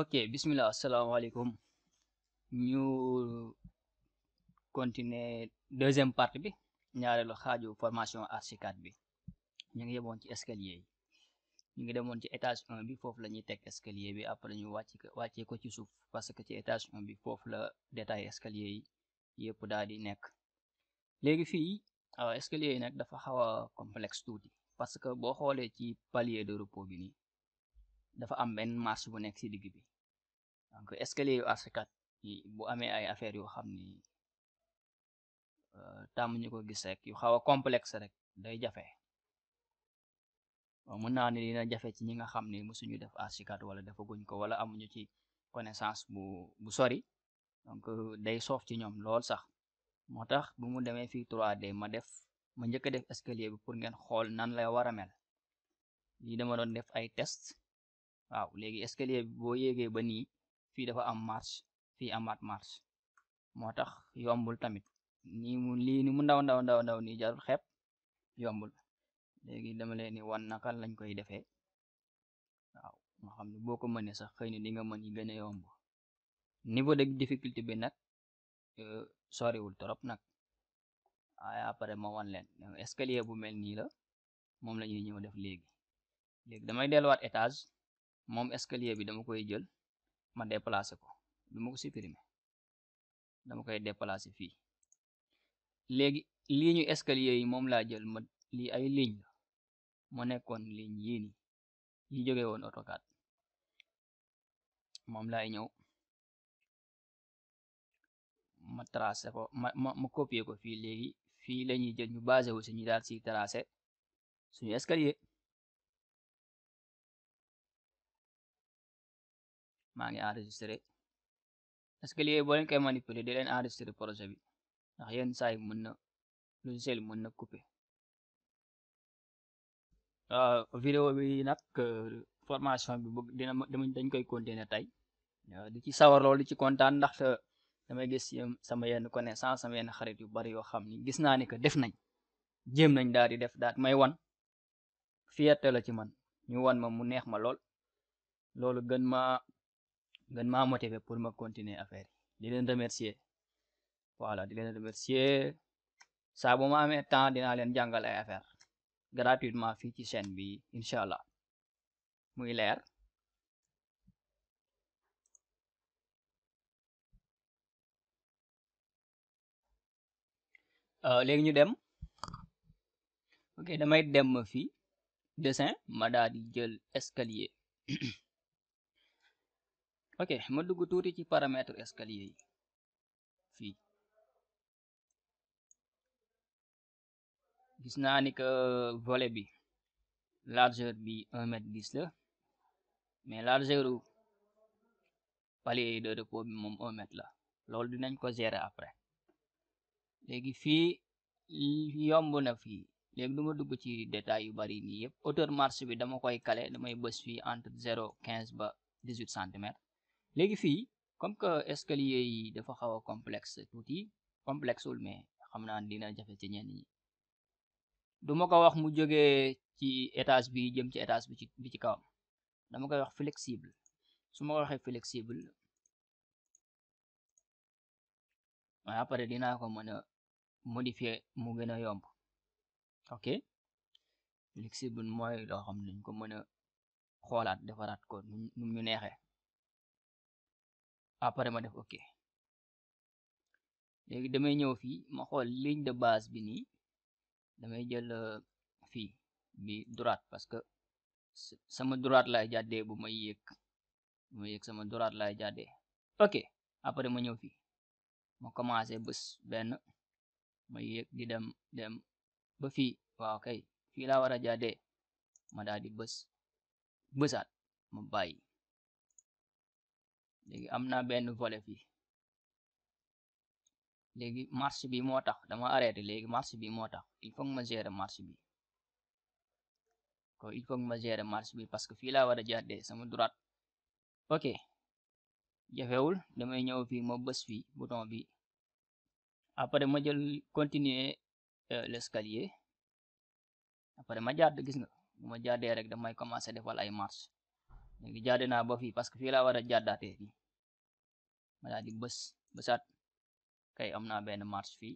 ok bisimilah asalaamaaleykum ñu continuer deuxième partie bi ñaareelu xaaju formation archicat bi ñu ngi yemoon ci escalier yi ñu ngi moon ci étage un bi foofu la ñuy teg escalier bi après ñu wàcc wàccee ko ci suuf parce que ci étage un bi foofu la détail escalier yi yëpp daal di nekk léegi fii escalier yi nag dafa xaw a complexe tuuti parce que boo xoolee ci palier de repos bi nii dafa am benn marche bu nekk si digg bi donc est ce que lii bu amee ay affaires yoo xam ni euh, tàmm ñu ko gis rek yu xaw a complexe rek day jafe mën naa ni dina jafe ci ñi nga xam ne mosuñu def ARC4 wala defaguñ ko wala amuñu ci connaissance bu bu sori donc day soof ci ñoom lool sax moo tax bu mu demee fii 3D ma def ma njëkk a def escalier bi pour ngeen xool nan la war a mel lii dama doon def ay test waaw léegi escalier bi boo ba nii fii dafa am marche fii amaat marche moo tax yombul tamit nii mu lii ni mu ndaw ndaw ndaw ndaw nii jarul xeeb yombul léegi dama leen ni wan naka lañ koy defee waaw nga xam ne boo ko mënee sax xëy na di nga mën yi gën a yomb niveau de difficulté bi nag euh, soriwul trop nag waaye après ma wan leen escalier bu mel nii la moom la ñuy ñëw def léegi léegi damay delluwaat étage moom escalier bi dama koy jël ma déplacé ko du ma ko supprimer dama koy déplacé fii léegi ligne yu escalier yi moom laa jël ma lii ay ligne la mu nekkoon ligne yii nii yi jóge woon AutoCAD moom laay ñëw ma tracé ko ma ma ma copier ko fii léegi fii la ñuy jël ñu basé wu si ñu daal si tracé suñu escalier maa ngi enregistré parce que lii boo leen koy manipuler di leen enregistré projet bi ndax yenn saa mën na ah, logiciel mën na couper vidéo bi nag formation bi bëgg dina dañ koy continuer tey di ci sawar loolu di ci kontaan ndax damay gis sama yenn connaissance sama yenn xarit yu bari yoo xam ni gis naa ne que def nañ jéem nañ daal di def daal may wan fierté la ci man ñu wan ma mu neex ma lool loolu gën ma gën maa motiver pour ma continuer affaire yi di leen remercier voilà di leen remercier saa bu ma amee temps dinaa leen jàngal ay affaire gratuitement fii ci seen bi incha allah muy leer euh, léegi ñu dem ok damay dem ma fi dessin ma daal di jël escalier ok ma dugg tuuti ci paramètre escalier yi gis naa ni que volet bi largeur bi un gis dix la mais largeur u palier de repos bi moom un mètre la loolu dinañ ko gérer après léegi fii yomb na fii léegi du ma dugg ci détail yu bari nii yëpp hauteur marche bi dama koy kale damay bës fii entre zéro quinze ba dix huit centimètres léegi fii comme que escalier yi dafa xaw a complexe tuuti complexe wul mais xam naa dina jafe ci ñenn ñi du ma ko wax mu jógee ci étage bi jëm ci etage bi ci bi ci kawam dama koy wax flexible su ma ko waxee flexible waaye après dinaa ko mën a modifier mu gën a yomb ok flexible mooy loo xam ne dañ ko mën a xoolaat defaraat ko nu ñu neexee après ma def ok léegi damay ñëw fii ma xool ligne de base bi nii damay jël euh, fii bi droite parce que sama droite laay jàddee bu ma yéeg bu may yéeg sama droite laay jàddee ok après ma ñëw fii ma commencé bés benn ma yéeg di dem dem ba fi waaw kay fii laa war a jàddee ma daal di bés bësaat ma bàyyi léegi am na benn volet fii léegi marche bi moo tax dama arrêté léegi marche bi moo tax il faut ma gérer marche bi ko il faut ma gérer marche bi parce que fii laa war a jàddee sama droite ok jafewul damay ñëw fii ma bës fii bouton bi après ma jël continuer euh, l'escalier apare ma jàdd gis nga bu ma jàddee rek damay commencer defal ay marche léegi jaade naa ba fii parce que fii laa war a jàddaatee fii ma daal bës bësaat kay am naa benn marche fii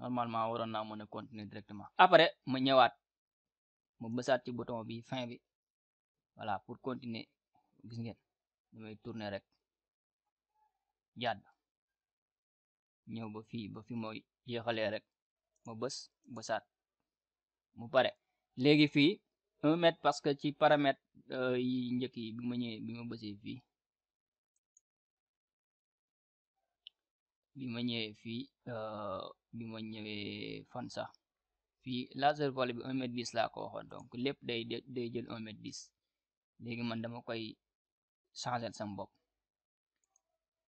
normalement waroon naa ma a continuer directement après ma ñëwaat ma bësaat ci bouton bi fin bi voilà pour continuer gis ngeen damay tourner rek jàdd ñëw ba fii ba fi mooy yéexalee rek ma bës bësaat mu pare léegi fii un parce que ci paramètre euh, yi njëkk yi bi ma ñëwee bi ma bësee fii bi ma ñëwee fii euh, bi ma ñëwee fan sax fii laser volet bi un mètre dix laa ko waxoon donc lépp day day jël un mètre léegi man dama koy changer sama bopp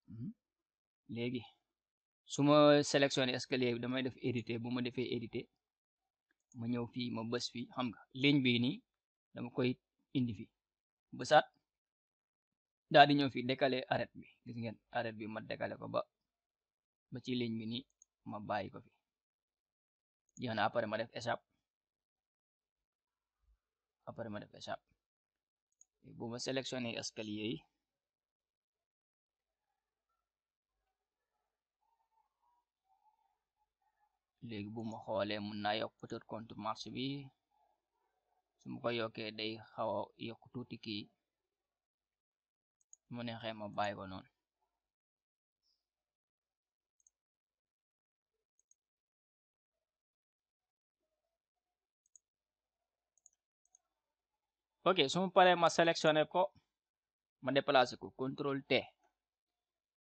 hmm? léegi su ma sélectionné escalier bi damay def éditer boo ma defee éditer ma ñëw fii ma bës fii xam nga ligne bii nii dama koy indi fii bësaat daal di ñëw fii décalé arrêt bi gis ngeen arrêt bi ma décalé ko ba ba ci ligne bi nii ma bàyyi ko fi jeex na après ma def échappe après ma def échappe bu ma sélectionné escalier yi léegi bu ma xoolee mun naa yokk peut-être marché bi su ma ko yokkee day xaw a yokk tuuti kii mu neexee ma bàyyi ko noon ok su ma paree ma sélectionné ko ma déplacé ko contrôle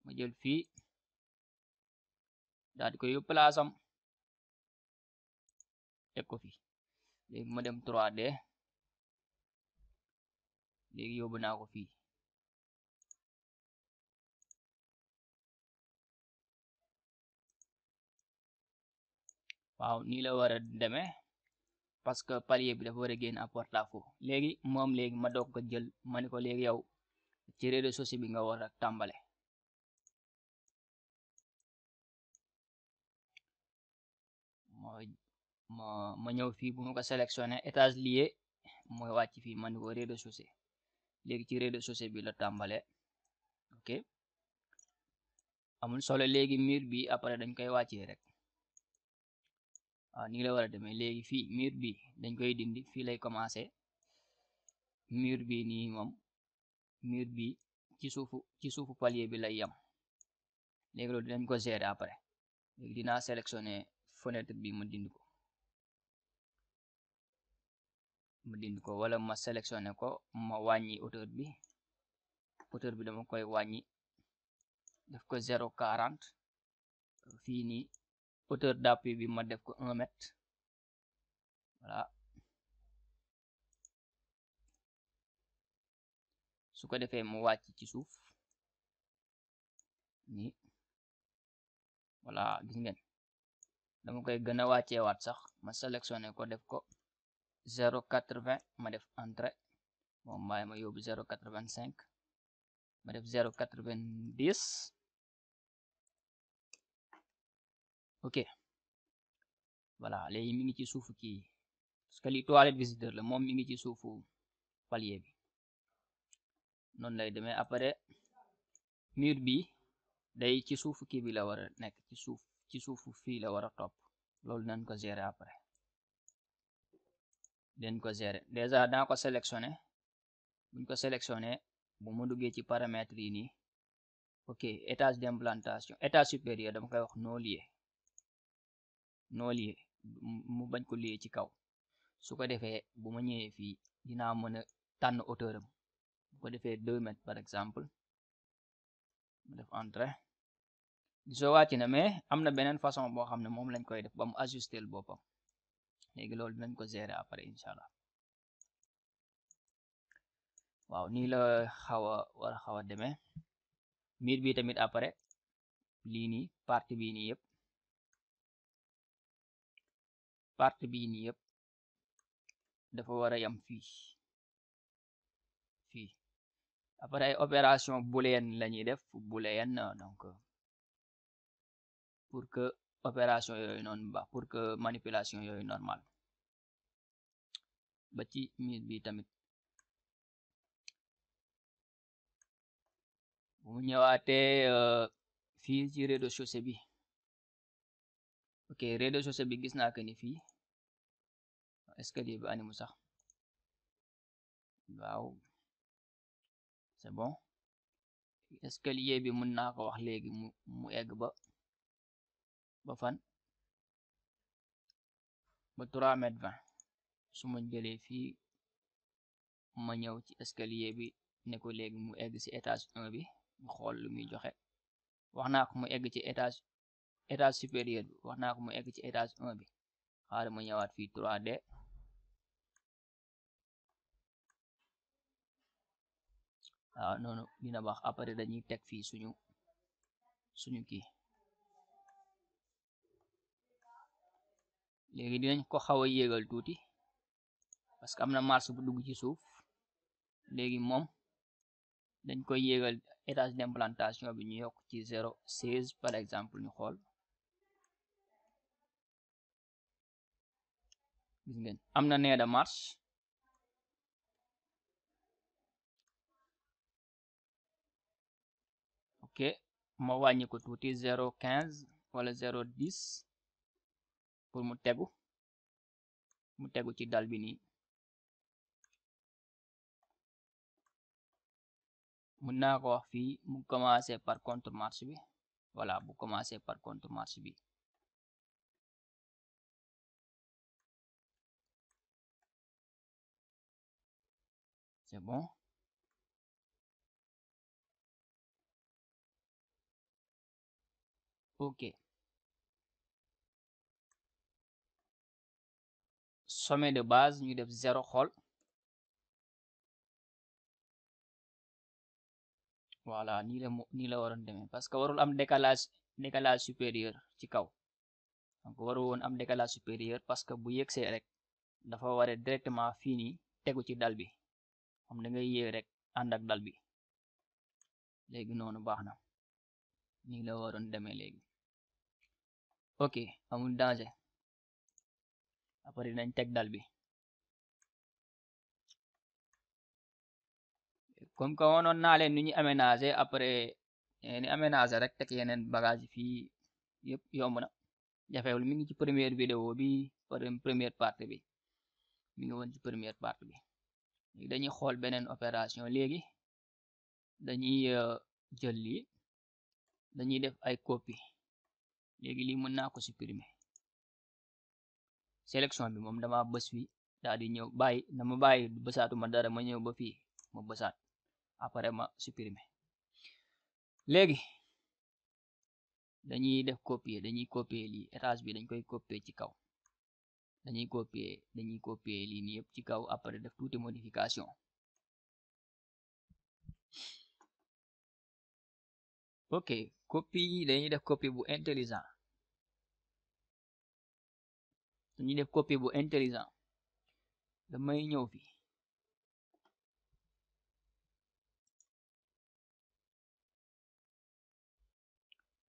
ma jël fii daal ko yóbbu place teg ko fi léegi ma dem 3 de léegi yóbbu naa ko fii waaw nii la war a demee parce que palier bi dafa war a génn à porte-à-faux léegi moom léegi ma doog ko jël ma ne ko léegi yow ci réseau social bi nga war a tàmbale ma ma ñëw fii bu ma ko sélectionné étage lie mooy wàcc fii ma ni ko de chaussée léegi ci rez-de-chaussée bi la tàmbale ok amul solo léegi mur bi après dañ koy wàccee rek waaw ni la war a demee léegi fii mur bi dañ koy dindi fii lay commencé mur bi nii moom mur bi ci suufu ci suufu palier bi lay yam léegi loolu dinañ ko gérer après léegi dinaa sélectionné fenêtre bi ma dindi ko ma dind ko wala ma sélectionné ko ma wàññi hauteur bi hauteur bi dama koy wàññi def ko 0,40 fii nii hauteur d'appui bi ma def ko 1 met voilà su ko defee mu wàcc ci suuf ni voilà gis ngeen dama koy gën a wàccee sax ma sélectionné ko def ko quatre vingt ma def entrée moom bàyyi ma yóbbu 0,85 ma def 0,90 ok voilà léegi mi ngi ci suufu kii parce que li toilette visiteur la moom mi ngi ci suufu palier bi noonu lay demee après mur bi day ci suufu kii bi la war nekk ci suuf ci suufu fii la war a topp loolu nañ ko gérer après den ko gérer déjà daa ko sélectionné buñ ko sélectionné bu mu duggee ci paramètres yi nii ok étage d'implantation étage supérieur dama koy wax non lié non lié mu bañ ko lié ci kaw su ko defee bu ma ñëwee fii dinaa mën a tànn hauteur am bu ko defee deux mètres par exemple mu def entré gisoo wàcc na mais am na beneen façon boo xam ne moom lañ koy def ba mu ajustel boppam Nagel-Oldman Cosera ko rin siya. ವಾವ್ ನೀಲ ಹವ ವರ ಹವ ದೆಮೆ ಮೀರ್ ಬಿ ತಮಿತ್ deme ಲೀನಿ ಪಾರ್ಟಿ ಬಿ ನಿ ಯಪ್ ಪಾರ್ಟಿ ಬಿ ನಿ ಯಪ್ dafa war a yam fii fii après ay opération booléen la ñuy def booléen donc pour que opération yooyu noonu ba pour que manipulation yooyu normal ba ci mise bi tamit bu mu ñëwaatee fii ci rez de bi ok rez de bi gis naa que ni fii escalier bi animu sax waaw c'est bon escalier bi mën naa ko wax léegi mu mu ba ba fan ba trois mètres su ma jëlee fii ma ñëw ci escalier bi ne ko léegi mu egg ci étage un bi mu xool lu muy joxe wax naa ko mu egg ci étage étage bi wax naa ko mu egg ci étage bi xaar ma ñëwaat fii 3D waaw noonu dina baax après dañuy teg fii suñu suñu kii léegi dinañ ko xaw a yéegal tuuti parce que am na marche bu dugg ci suuf léegi moom dañ koy yégal étage d'implantation bi ñu yokk ci zéro seize par exemple ñu xool gis ngeen am na nee marche ok ma wàññi ko tuuti zéro quinze wala zéro dix pour mu tegu mu tegu ci dal bi mun naa ko wax fii mu commencé par contre marche bi voilà bu commencé par contre marche bi c'est bon sommet de base ñu def zéro xool voilà nii la nii la waroon demee parce que warul am décalage décalage supérieur ci kaw donc warul woon am décalage supérieur parce que bu yeg see rek dafa ware directement fii nii tegu ci dal bi xam da ngay yéeg rek ànd ak dal bi léegi noonu baax na nii la waroon demee léegi ok amul danger après nañ teg dal bi comme que woonoon naa leen nu ñuy aménager après ni aménager rek tek yeneen bagage fii yëpp yomb na jafewul mi ngi ci première vidéo bi première partie bi mi ngi woon ci première partie bi léegi dañuy xool beneen opération léegi dañuy jël lii dañuy def ay copi léegi lii mën naa ko supprimer sélection bi moom dama bës fii daal ñëw bàyyi na ma bàyyi bësaatu ma dara ma ñëw ba fii ma bësaat après ma supprimer léegi dañuy def copier dañuy copier lii étage bi dañ koy copier ci kaw dañuy copier dañuy copier lii nii yëpp ci kaw après def tuuti modification ok copie yi dañuy def copie bu intelligent ñu def copie bu intelligent damay ñëw fi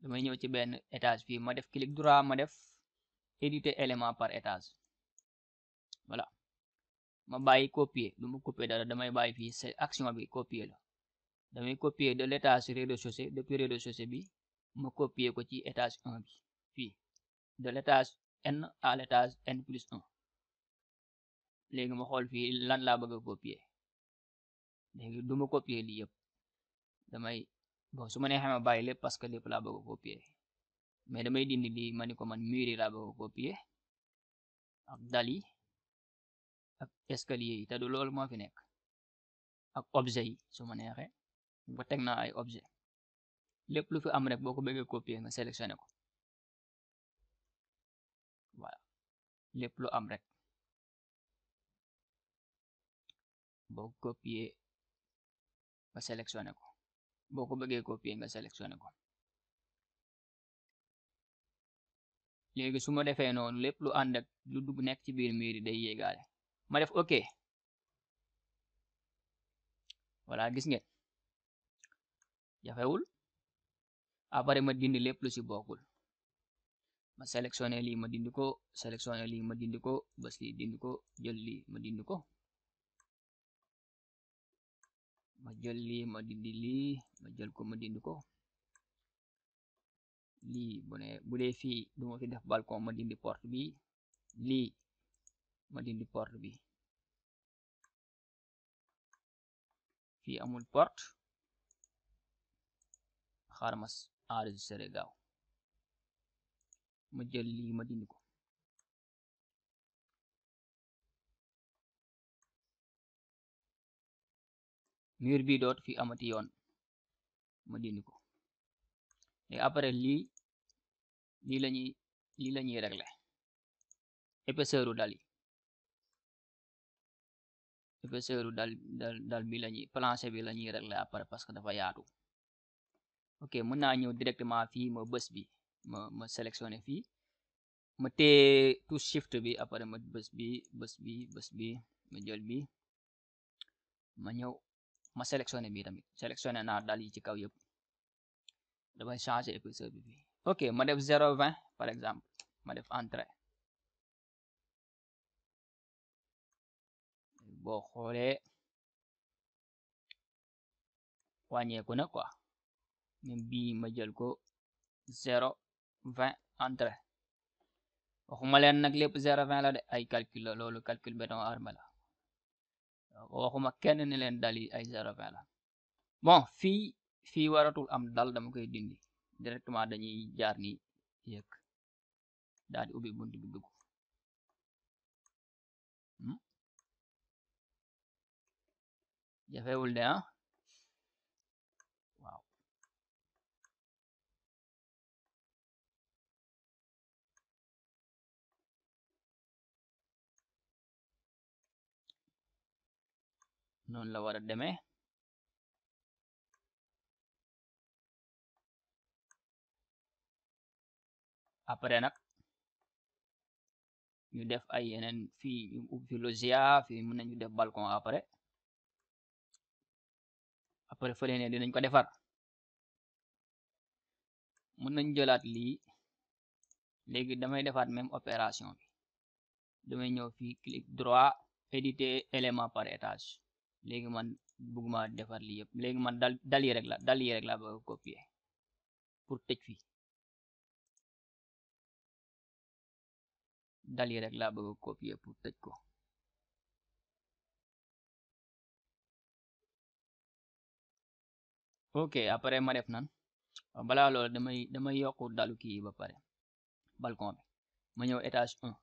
damay ñëw ci benn étage fii ma def clic droit ma def éditer élément par étage voilà ma bàyyi copier du ma copier dara damay bàyyi fii c'est action bi copier la damay copier de l'étage rez de depuis rez de bi ma copier ko ci étage 1 bi fii de l'étage n à l'étage n plus 1 léegi ma xool fii lan laa bëgg a copier léegi du ma copier lii yëpp damay bon su ma nee xam bàyyi lépp parce que lépp laa bëgg a copier mais damay dindi lii ma ni ko man mur yi laa bëgg a copier ak dal yi ak escalier yi te moo fi nekk ak obje yi su ma neexee bu teg naa ay obje lépp lu fi am rek boo ko bëggee copier nga sélectionné ko lépp lu am rek boo copier ba sélectionné ko boo ko bëggee copier nga sélectionné ko léegi su ma defee noonu lépp lu ànd ak lu dugg nekk ci biir miir yi day yéegaale ma def ok voilà gis ngeen jafewul après ma dindi lépp lu ci bokkul ma sélectionné lii ma dindi ko sélectionné lii ma dindi ko bës lii dindi ko jël ma dindi ko ma jël lii ma dindi ma jël ko ma dindi ko lii bu ne bu fii du fi def balcon ma dindi porte bi lii ma dindi porte bi fii amul port xaaral ma enregistré ma jël lii ma dindi ko mur bi doot fi amati yoon ma dindi ko et après lii lii lañuy lii lañuy régler épaisseur u dal yi épaisseur u dal dal dal bi lañuy plancher bi lañuy régler après parce que dafa yaatu ok mën naa ñëw directement fii ma bës bi ma ma sélectionné fii ma téye touche shift bi après ma bës bi bës bi ma jël bi ma ñëw ma sélectionné bi tamit sélectionné naa dal yi ci kaw yëpp damay changé épaisseur bi fii ok ma def 0,20 par exemple ma def entrée boo xoolee wàññeeku na quoi même bii ma jël ko zéro vingt entrées waxuma leen nag lépp zéro vingt la de ay calcul loolu calcul béton armé la waxuma kenn ne leen dal ay zéro vingt la bon fii fii waratul am dal dama koy dindi directement dañuy jaar ni yëg daal di ubbi bi dugg hmm? jafewul de ah noonu la war a demee après nag ñu def ay yeneen fii ñu ubbi loggia fii mën nañu def balcon après après fële ne dinañ ko defar mën nañ jëlaat lii léegi damay defaat même opération bi damay ñëw fii clic droit éditer élément par étage léegi man bëgguma defar lii yëpp léegi man dal dal yi la dal yi rek la bëgg a copier pour tëj fii dal yi la bëgg a copier pour tëj ko ok après ma def nan balaa loolu damay damay dalu kii ba pare balcon bi ma ñëw étage un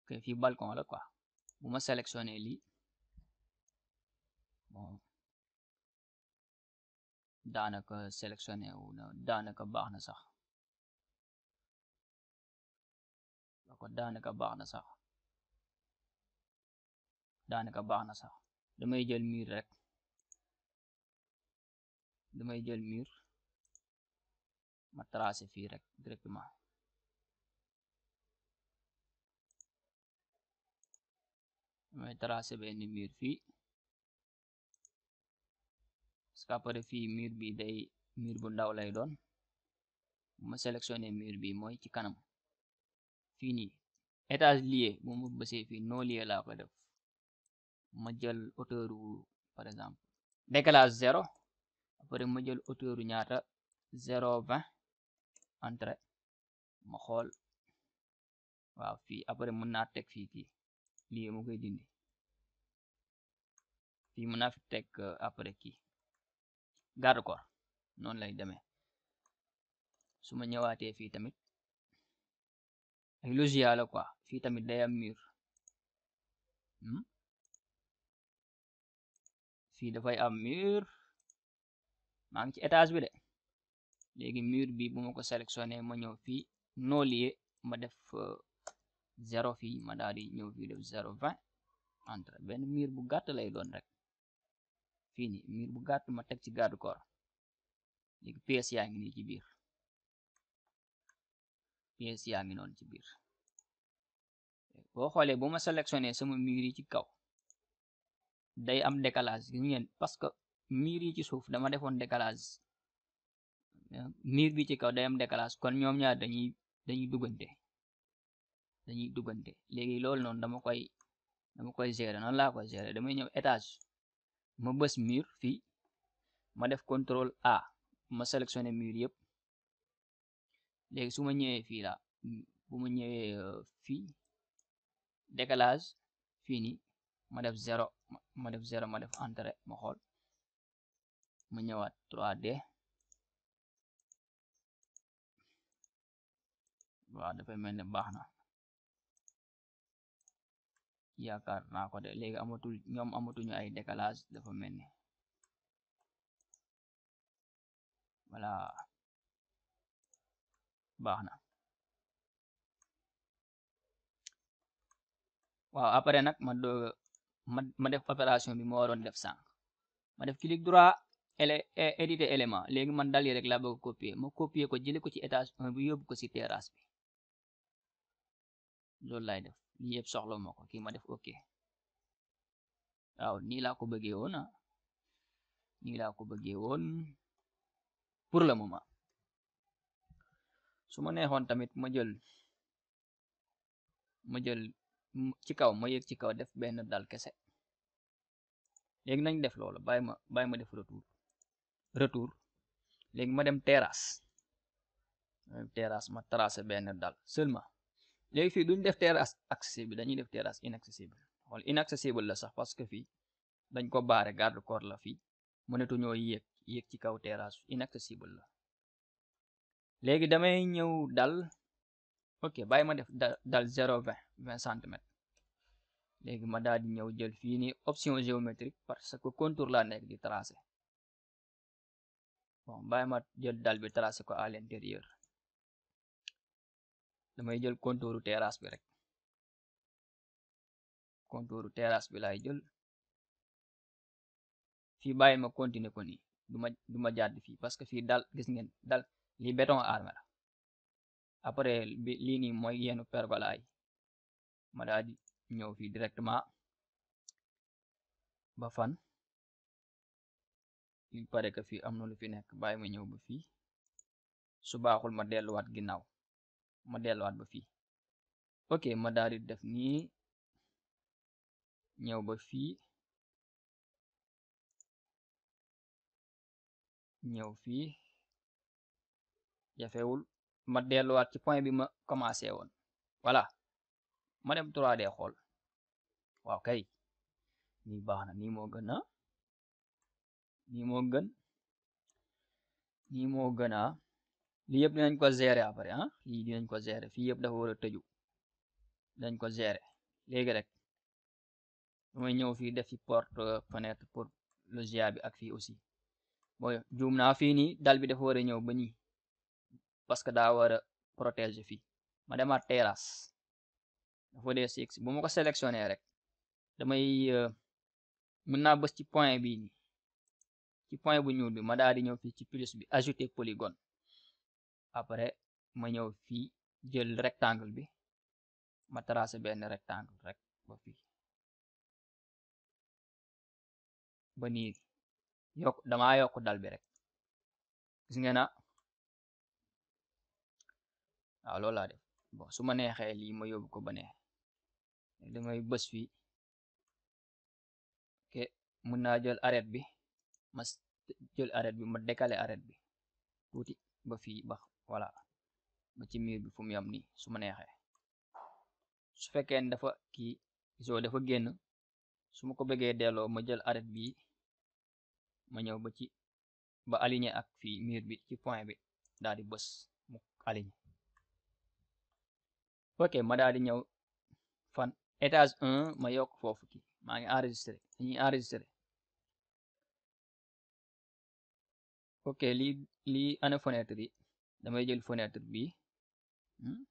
ok fii balcon la quoi bu ma sélectionné lii bon daanaka sélectionné wu na daanaka baax na sax d'accord daanaka baax na sax daanaka baax na sax damay jël miir rek damay jël miir ma tracé fii rek directement damay tracé benn mur fii parce que après fii mur bi day mur bu ndaw lay doon ma sélectionné mur bi mooy e ci kanam fii nii étage lié bu mu bësee fii non lié laa ko def ma jël hauteur par exemple décalage zéro après ma jël hauteur ñaata zéro vingt entrée ma xool waaw fii après mën naa teg fii kii lii ma koy dindi fii mën naa fi euh, après kii garde corps noonu lay demee su ma ñëwaatee fii tamit ay loggia la quoi fii tamit day am mur hmm? fii dafay am mur maa ngi ci étage bi de léegi mur bi bu ma ko sélectionné ma ñëw fii non lié ma def euh, 0 fii ma daal di ñëw fii def 0 20 entre benn miir bu gàtt lay doon rek fii nii miir bu gàtt ma teg ci garde corps léegi pièce yaa ngi nii ci biir pièce ngi noonu ci biir boo xoolee bu ma sélectionné sama miir yi ci kaw day am décalage gis ngeen parce que miir yi ci suuf dama defoon décalage miir bi ci kaw day am décalage kon ñoom ñaar dañuy dañuy duggante dañuy duggante léegi loolu noonu dama koy dama koy gérer noonu laa koy gérer damay ñëw étage ma bës mur fii ma def contrôle A ma sélectionné mur yëpp léegi su ma ñëwee fii la bu ma ñëwee euh, fii décalage fii nii ma def zéro ma def zéro ma def entré ma xool ma ñëwaat 3D waaw dafay mel ne baax na yaakaar naa ko de léegi amatul ñoom amatuñu ay décalage dafa mel ni voilà baax na waaw après nag ma doog ma ma def opération bi ma waroon def sànq ma def clic droit éditer élément léegi man dal yi rek laa bëgg copier ma copier ko jële ko ci étage 1 bi yóbbu ko ci terrasse bi loolu laay def lii yëpp soxla ma ko kii ma def ok waaw nii laa ko bëggee woon ah. nii laa ko bëggee woon pour le moment su ma neexoon tamit ma jël ma jël ci kaw ma yëg ci kaw def benn dal kese léegi nañ def loolu bàyyi ma bàyyi ma def retour retour léegi ma dem terrasse ma dem terrasse ma tracé benn dal seulement léegi fii duñ def terrasse accessible dañuy def terrasse inaccessible wala inaccessible la sax parce que fii dañ ko baare garde corps la fii mënatuñoo yéeg yéeg ci kaw terrasse inaccessible la léegi damay ñëw dal ok bàyyi ma def dal zéro vingt vingt centimètres léegi ma daal di ñëw jël fii nii option géométrique parce que contour laa nekk di tracer bon bàyyi ma jël dal bi tracer ko à l'intérieur damay jël contouru terrasse bi rek contouru terrasse bi laay jël fii bàyyi ma continuer ko nii du ma du fii parce que fii dal gis ngeen dal lii béton armé la après bi lii nii mooy yeenu pergolaay ma ñëw fii directement ba fan il paraît que fii am na lu fi nekk bàyyi ma ñëw ba fii su baaxul ma delluwaat ginnaaw ma delluwaat ba fii ok ma daal def nii ñëw ba fii ñëw fii jafewul ma delluwaat ci point bi ma commencé woon wala ma dem 3D xool waaw kay nii baax na nii moo gën a nii moo gën nii moo gën a lii yëpp dinañ ko gérer après ah lii dinañ ko gérer fii yëpp dafa war a tëju dañ ko gérer léegi rek damay ñëw fi def fi porte euh, fenêtre pour loggia bi ak fii aussi mooy juum naa fii nii dal bi dafa war a ñëw ba ñii parce que daa war a protéger fii ma demaat terrasse dafa dee six bu ma ko sélectionné rek damay euh, mën naa bës ci point bii nii ci point bu ñuul bi ma daal di ñëw fii ci plus bi ajouter polygone après ma ñëw fii jël rectangle bi ma tracé benn rectangle rek ba fii ba nii yokk damaa yokk dal bi rek gis ngeen na waaw loolu laa def su ma neexee lii ma yóbbu ko ba neex damay bës fii ok mun naa jël arête bi ma jël arête bi ma décaler arête bi tuuti ba fii ba voilà ba ci miir bi fu mu yam ni su ma neexee su fekkee ne dafa kii gisoo dafa génn su ma ko bëggee delloo ma jël arête bi ma ñëw ba ci ba aligné ak fii miir bi ci point bi daal di bës mu aligné ok ma daal di ñëw fan étage 1 ma yokk foofu kii maa ngi enregistré dañuy enregistré ok lii lii ana fenêtre damay jël fenêtre bi hmm?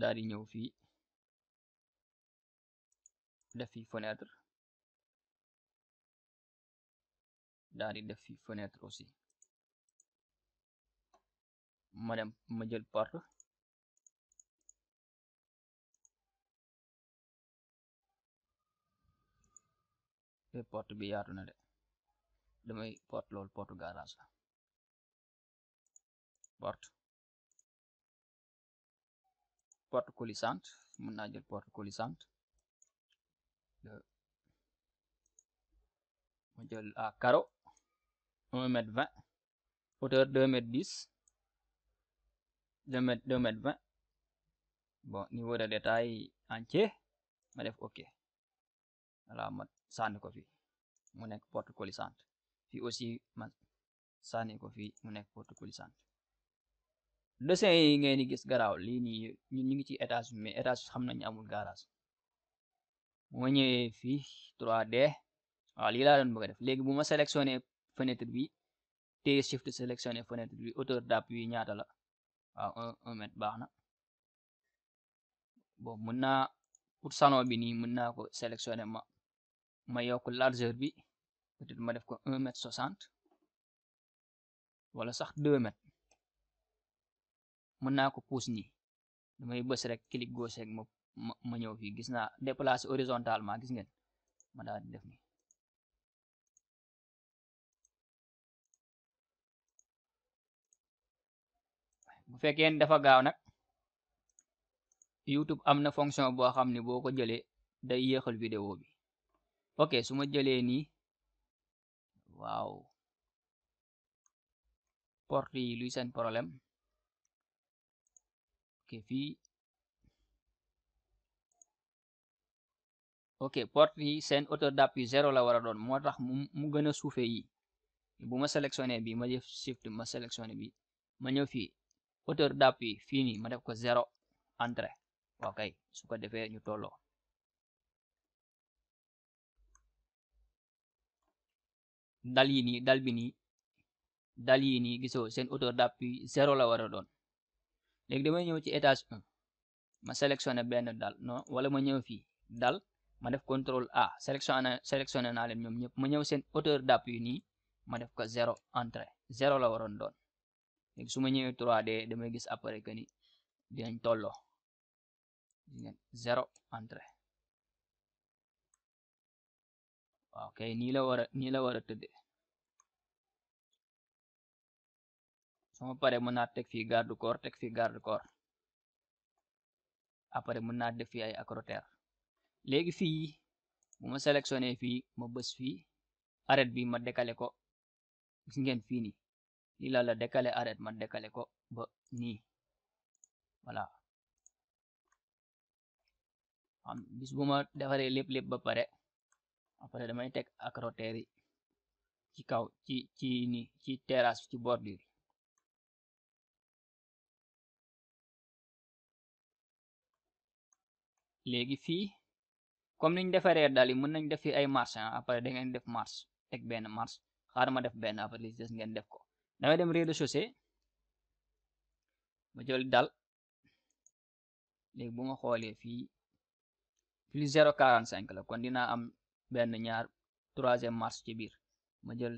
daal ñëw fii def fi fenêtre daal di def fi fenêtre aussi ma dem porte te porte bi yaatu na de damay port loolu portu garage la porte coulissante mën naa jël porte coulissante mu jël a carreau un mètre vingt hauteur deux mètres dix deux mètres deux mètres vingt bon niveau de détail entier ma def ok voilà ma sànni ko fi mu nekk porte coulissante VOC ma sànni ko fii mu nekk portefeuille centre dessin yi ngeen di gis garaaw lii nii ñu ngi ci étage mais étage xam nañu amul garage moo ñëwee fii 3D waaw lii laa doon bëgg def léegi bu ma sélectionné fenêtre bi te shift sélectionné fenêtre bi hauteur d'appui bi ñaata la waaw un mètre baax na bon mën naa pour salon bi nii mën naa ko sélectionné ma ma yokk largeur bi peut ma def ko un mètre soixante wala sax deux mètres mën naa ko pousse nii damay bës rek clic gauche rek ma ma ñëw fii gis naa déplacer horizontalement gis ngeen ma daal di def bu fekkee ni dafa gaaw nag YouTube am na fonction boo xam ne boo ko jëlee day yéexal vidéo bi ok su ma jëlee nii waaw porte yi luy seen problème ok fii ok porte yi seen hauteur d'appui zéro la wara doon moo tax mu gën a suufe yi bu ma sélectionné bi ma def shift ma sélectionné bi ma ñëw fii hauteur d'appui fii nii ma def ko zéro entrée ok su ko ñu tolloo dal yi nii dal bi nii dal yi nii gisoo seen hauteur d'appui zéro la war a doon léegi damay ñëw ci étage un ma sélectionné benn dal non wala ma ñëw fii dal ma def contrôle A sélectionné sélectionné naa leen ñoom ñëpp ma ñëw seen hauteur d'appui nii ma def ko zéro entrée zéro la waroon doon léegi su ma ñëwee 3 de damay gis après que ni dinañ tolloo zéro entrée waaw kay nii la war nii la war a tëdde sama pare mën naa teg fii garde corps teg fii garde corps pare mën naa def fii ay acroter léegi fii bu ma sélectionné fii ma bës fii aret bi ma décalé ko gis ngeen fii nii lii la la décalé arête ma décalé ko ba nii voilà am bis bu ma defaree lépp lépp ba pare après damay teg acrotère yi ci kaw ci ci ni ci terrasse ci bordure léegi fii comme niñ defaree dal yi mën nañ def fii ay marche ah, après da def marche teg benn marche xaar ma def benn après li des ngeen def ko damay dem rez-de-chaussée ma jël dal léegi bu ma xoolee fii plus zéro quarante cinq la benn ñaar troisième marche ci biir ma jël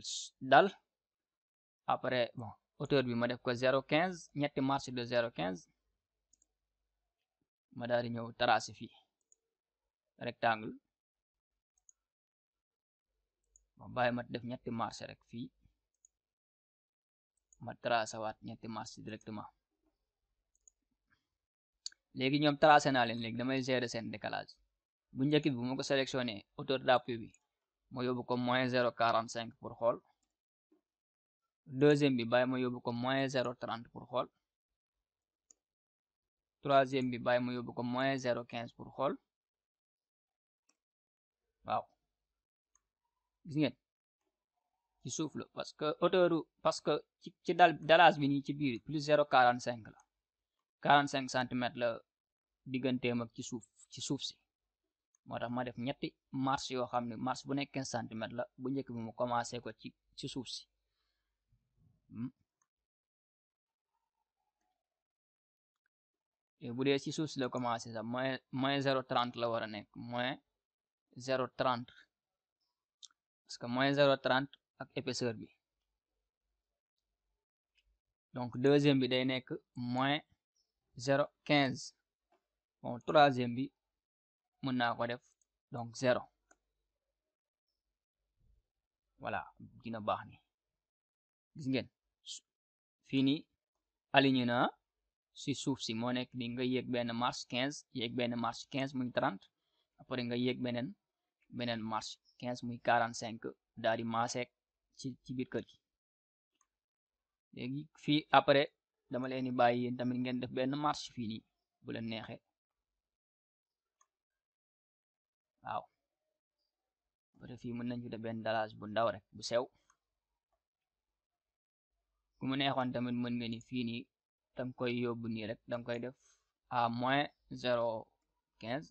dal après bon bi ma def ko zero quinze ñetti marche de zero quinze ma daal di ñëw tracé fii rectangle ma bàyyi ma def ñetti marche rek fii ma tracé waat ñetti marche directement léegi ñoom tracé naa leen léegi damay gérer seen décalage bu njëkk bi bu ma ko sélectionné hauteur d'appui bi ma yóbbu ko moins zéro quarante cinq pour xool deuxième bi bàyyi ma yóbbu ko moins zéro trente pour xool troisième bi bàyyi ma yóbbu ko moins zéro quinze pour xool waaw gis ngeen ci suuf la parce que hauteur parce que ci ci dal bi nii ci biir plus zéro quarante cinq la quarante cinq centimètres la digganteem ak ci suuf ci suuf si moo tax ma def ñetti marche yoo xam ne marche bu nekk quinze centimètres la bu njëkk bi mu commencé ko ci ci suuf si hmm. bu dee ci suuf si la commencé sax moins moins zéro la war a nekk moins zéro trente parce que moins zéro trente ak épaisseur bi donc deuxième bi day nekk moins zéro quinze bon mën naa ko def donc zéro voilà dina baax ni gis ngeen fii nii aligné na si suuf si moo nekk ni nga yéeg benn marche quinze yéeg benn marche muy trente après nga yéeg beneen beneen marche quinze muy quarante cinq daal di maaseek ci ci biir kër gi léegi fii après dama leen di bàyyi yéen tamit ngeen def benn marche fii nii bu leen neexee parce que fii mën nañ fi def benn dalage bu ndaw rek bu sew ku mu neexoon tamit mën nga ni fi nii danga koy yóbbu nii rek danga koy def à moins zéro quinze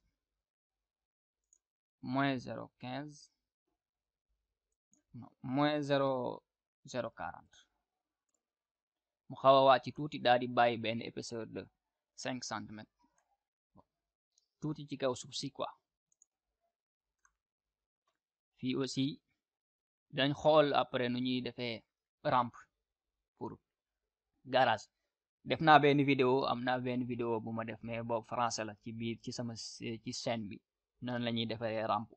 moins zéro quinze mu xaw a wàcc tuuti daal di bàyyi benn épaisseur cinq centimètres tuuti ci kaw suuf si fii aussi dañ xool après nu ñuy defee rampe pour garage def naa benn vidéo am naa benn vidéo bu ma def mais boobu français la ci biir ci sama ci scène bi nan lañuy ñuy defee rampe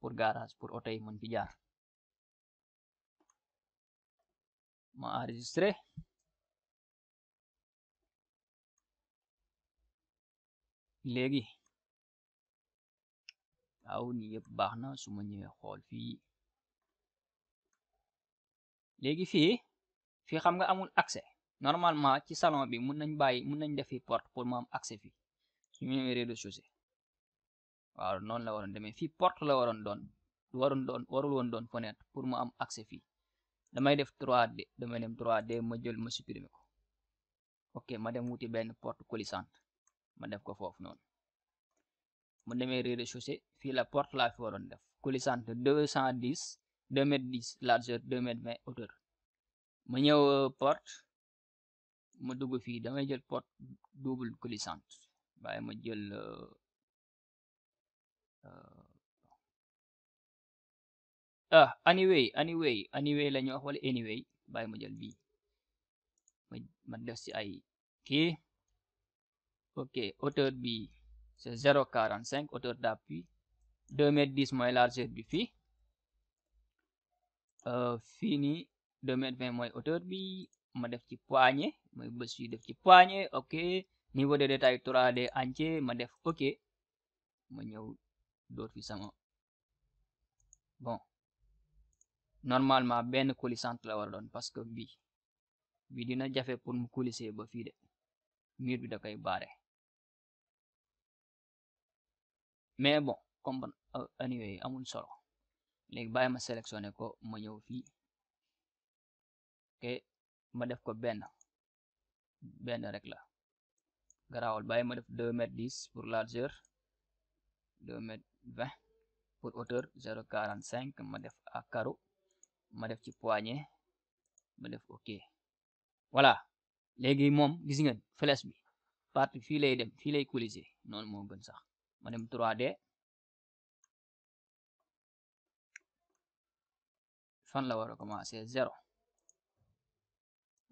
pour garage pour oto yi mën ci jaar ma enregistré léegi waaw nii yëpp baax naa su ma ñëwee xool fii léegi fii fii xam nga amul accès normalement ci salon bi mun nañ bàyyi mun nañ defi port pour mu am accès fii su ñu ñëwee rez-de-chaussée waaw noonu la waroon demee fii port la waroon doon waroon doon warul woon doon fonet pour mu am accès fii damay def 3D damay dem 3 de ma jël ma supprimer ko ok ma dem wuti benn port coulissante ma def ko foofu noonu mu demee rez de fii la porte la fi waroon def coulissante deux cent dix deux mètres dix largeur deux mètres vingt hauteur ma ñëw euh, porte ma dugg fii damay jël porte double coulissante bay ma euh, euh, ah anyway anyway anyway la ñu wax wala anyway bàyyi ma jël bii ma def si ay kii ok hauteur bii c'est 0,45 hauteur d'appui 2 mètres 10 mooy largeur bi fii euh, fii nii 2 mètres 20 mooy hauteur bi ma def ci poignée mooy bës yi def ci poignée ok niveau de détail 3 ma def ok ma ñëw door sama bon normalement benn coulissante la war doon parce que bi bi dina jafe pour mu coulisser ba fii de mur bi da koy mais bon comme euh, anyway amul solo léegi bàyyi ma sélectionné ko ma ñëw fii ok ma def ko benn benn rek la garaawal bàyyi ma def deux mètres pour largeur deux mètres vingt pour hauteur zéro quarante cinq ma def à carreau ma def ci poignée ma def ok voilà léegi moom gis ngeen flèche bi parti fii lay dem fii lay coulissé noonu moo gën sax ma dem 3D fan la war a commencer zéro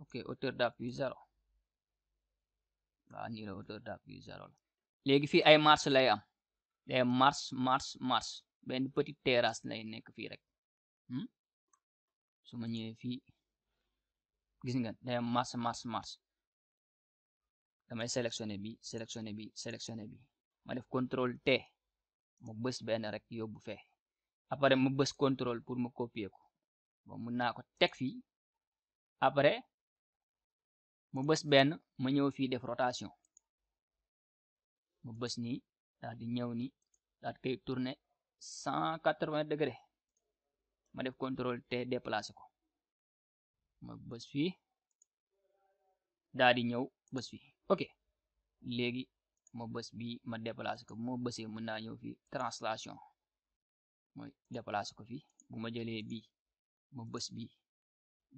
ok hauteur d'appui zéro waaw nii la hauteur d'appui zéro la léegi fii ay marche lay am day marche marche marche benn petite terrasse lay nekk fii rek su ma ñëwee fii gis nga day marche marche marche damay sélectionner bi sélectionner bi sélectionner bi ma def contrôle T ma bës benn rek yóbbu fee après ma bës contrôle pour ma kopiye ko bon mun naa ko teg fii après ma bës benn ma ñëw fii def rotation ma bës ni daal di ñëw ni daal di koy cent quatre-vingts degré ma def contrôle T déplacer ko ma bës fii daal ñëw bës fii ok léegi ma bës bii ma déplacé ko bu ma bësee mën naa ñëw fii translation mooy déplacé ko fi bu ma jëlee bii ma bës bi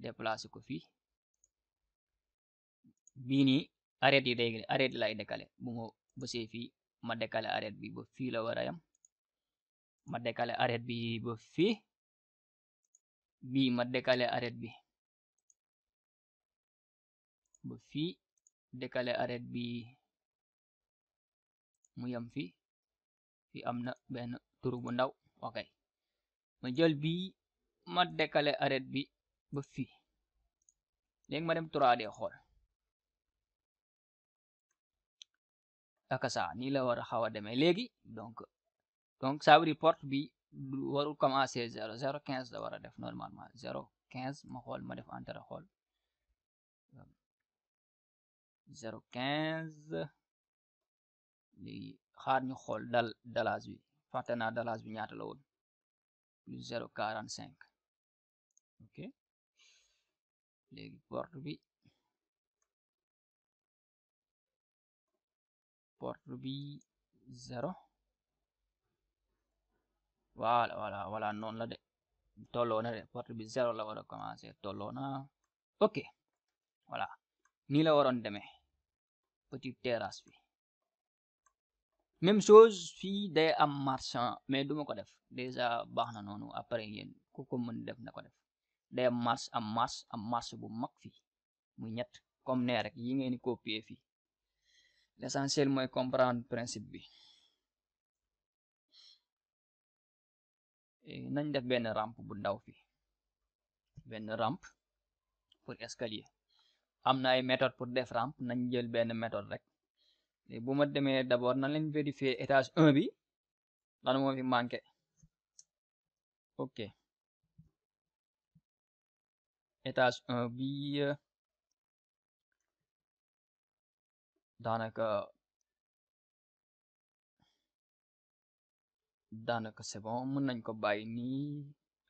déplacé ko fii bii ni arrêt yi day arrêt lay décalé bu ma bësee fii ma décalé arrêt bi ba fii la war a yam ma dekale arrêt bi ba fii bii ma décalé arrêt bi ba fii décalé arrêt bi mu yem fi fi am na benn turu bu ndaw ok ma jël bi ma décaler arête bi ba fi léegi ma dem 3 de xool ak saa nii la war a xaw a demee léegi donc donc ça veut dire porte bi warul commencer zéro zéro quinze la war a def normalement zéro quinze ma xool ma def enter xool léegi xaar ñu xool dal dalage bi fàtte naa dalage bi ñaata la woon plus zero quarante cinq ok léegi porte bi porte bi zero voilà voilà voilà noonu la de tolloo na de porte bi zero la war a commencé tolloo na ok voilà nii la waroon demee petit terrasse bi même chose fii day am marchand mais duma ko def déjà baax na noonu après yéen ku ko mën def na ko def day am marche am marche am marche bu mag fii muy ñett comme ne rek yi ngeen di copier fii l'essentiel mooy comprendre principe bi nañ def benn rampe bu ndaw fii benn rampe pour escalier am na ay méthode pour def rampe nañ jël benn méthode rek bu ma demee d' abord nan lañ vérifier étage un bi lan moo fi manqué ok étage un bi daanaka daanaka c'est bon nañ ko bàyyi nii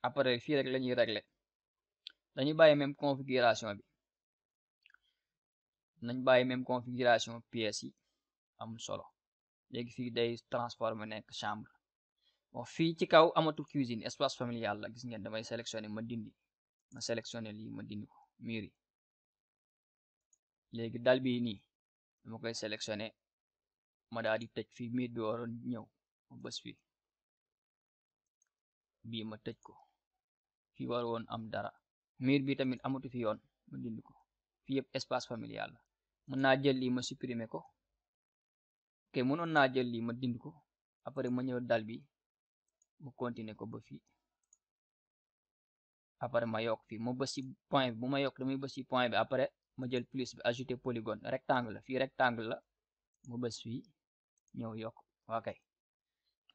après fii rek la ñuy régler dañuy bàyyi même configuration bi nañ bàyyi même configuration pièces yi am solo léegi fii day transformé nekk chambre bon fii ci kaw amatu cuisine espace familial la gis ngeen damay sélectionné ma dindi ma sélectionné lii ma dindi ko miir léegi dal bi nii dama koy sélectionné ma daal di tëj fii miir bi waroon ñëw ma bës fii bii ma tëj ko fii war am dara miir bi tamit amatu fi yoon ma dindi ko fii espace familial la mën jël lii ma supprimer ko ok mënoon naa jël lii ma dind ko après ma ñëw dal bi ma continuer ko ba fii après ma yokk fii ma bës ci point bi bu ma yokk damay bës ci point bi après ma jël plus bi ajouter polygone rectangle fii rectangle la ma bës fi ñëw yokk ok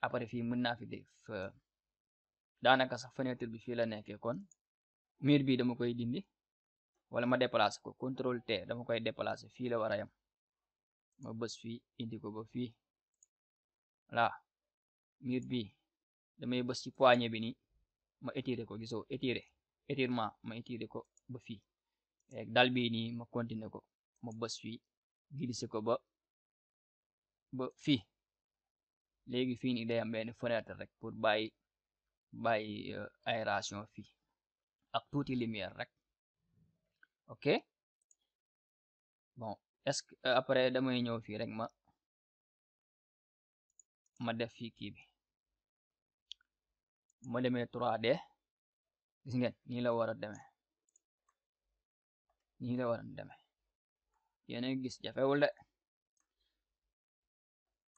après fii mën naa fi def euh, daanaka sax fenêtre bi fii la nekkee kon mur bi dama koy dindi wala ma déplacer ko contrôle T dama koy déplacer fii la war a yem ma bës fii indi ko ba fii voilà mur bi damay bës ci poignée bi ni ma étiré ko gisoo étiré étirement ma étiré ko ba fi rek dal bii nii ma continuer ko ma bës fii glissé ko ba ba fii léegi fii nii day am benn fenêtre rek pour bàyyi bàyyi aération fii ak tuuti lumière rek ok bon est-ce que euh, après damay ñëw fii rek ma ma def fii kii bi ma demee 3D gis ngeen nii la war a demee nii la war a demee yéen a gis jafewul de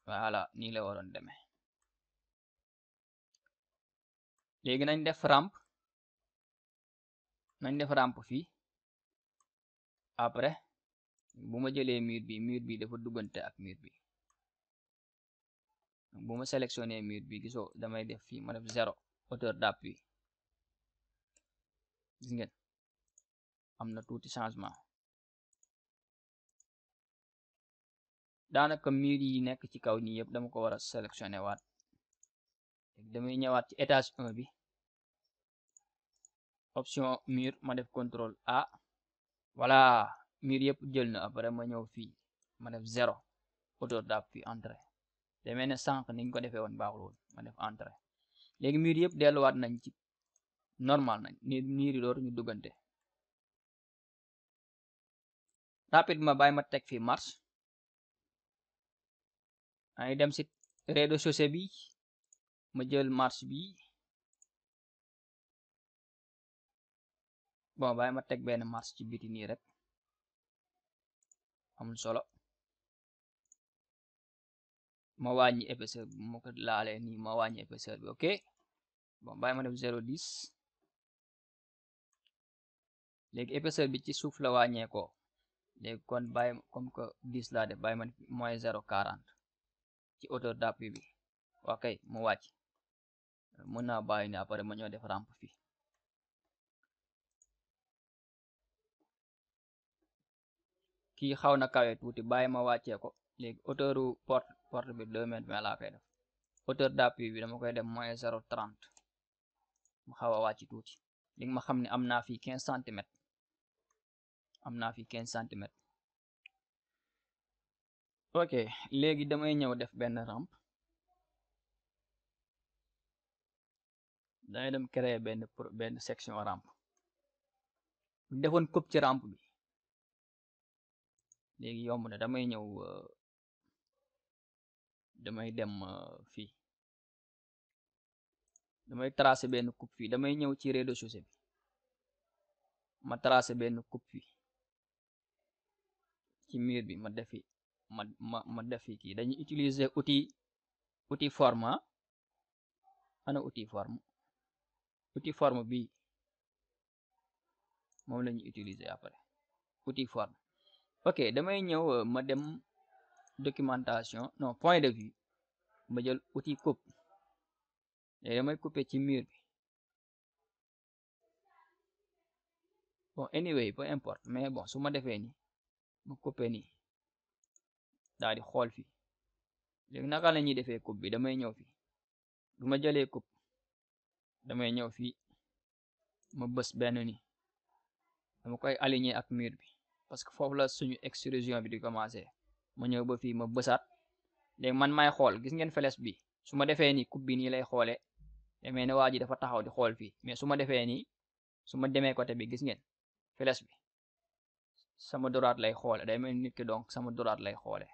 voilà nii la waroon deme léegi nañ def ramp nañ def ramp fii après bu ma jëlee mur bi mur bi dafa duggante ak mur bi bu ma sélectionné mur bi gisoo damay def fii ma def zéro hauteur d'appui gis ngeen am na tuuti changement daanaka mur yi nekk ci kaw nii yëpp dama ko war a sélectionné waat damay ñëwaat ci étage 1 bi option mur ma def contrôle A voilà miir yëpp jël na après ma ñëw fii ma def zéro autodap fi entrée demee ne sànq niñ ko defee woon baaxul woon ma def entrée léegi miir yëpp delluwaat nañ ci normal nañ ni niir yi dootuñu duggante rapidement bàyyi ma teg fii marche ay dem si rez-de-chaussée bi ma jël marche bi bon bàyyi ma teg benn marche ci biti nii rek am solo ma wàññi épaisseur bi ma ko laalee nii ma wàññi épaisseur bi ok bon bàyyi ma def zéro dix léegi épaisseur bi ci suuf la wàññeekoo léegi kon bàyyi comme que dix laa def bàyyi moins zéro quarante ci hauteur d'appui bi ok mu wàcc mën naa bàyyi ne après mañoo ñoo def rampe fii kii xaw na kawe tuuti bàyyi ma wàccee ko léegi hauteur u porte bi deux mètres vingt laa koy def hauteur d'appui bi dama koy def moins zéro trente mu xaw a wàcc tuuti léegi ma xam ne am naa fi quinze centimètres am naa fi quinze centimètres ok léegi damay ñëw def benn rampe damay dem créer benn benn section rampe bu defoon cop ci rampe bi léegi yomb na damay ñëw euh, damay dem euh, fii damay tracé benn coupe fii damay ñëw ci rez de bi ma tracé benn coupe fii ci mur bi ma defi ma ma ma defi kii dañuy utiliser outil outil forme ah. ana outil forme outil forme bi moom la ñuy utiliser après outil ok damay ñëw euh, ma dem documentation non point de vue ma jël outil coupe léegi damay couper ci mur bi bon anyway peu importe mais bon su ma defee ni ma couper ni daal xool fi léegi naka la ñuy defee coupe bi damay ñëw fi bu ma jëlee coupe damay ñëw fi ma bës benn ni dama koy aligner ak mur bi parce que foofu la suñu extrusion bi di commencer ma ñëw ba fii ma bësaat léegi man may xool gis ngeen flèche bi su ma defee ni coupe bi nii lay xoolee demee ne waa ji dafa taxaw di xool fii mais su ma defee nii su ma demee côté bi gis ngeen flèche bi sama droite lay xoole day mel nit ki donc sama droite lay xoole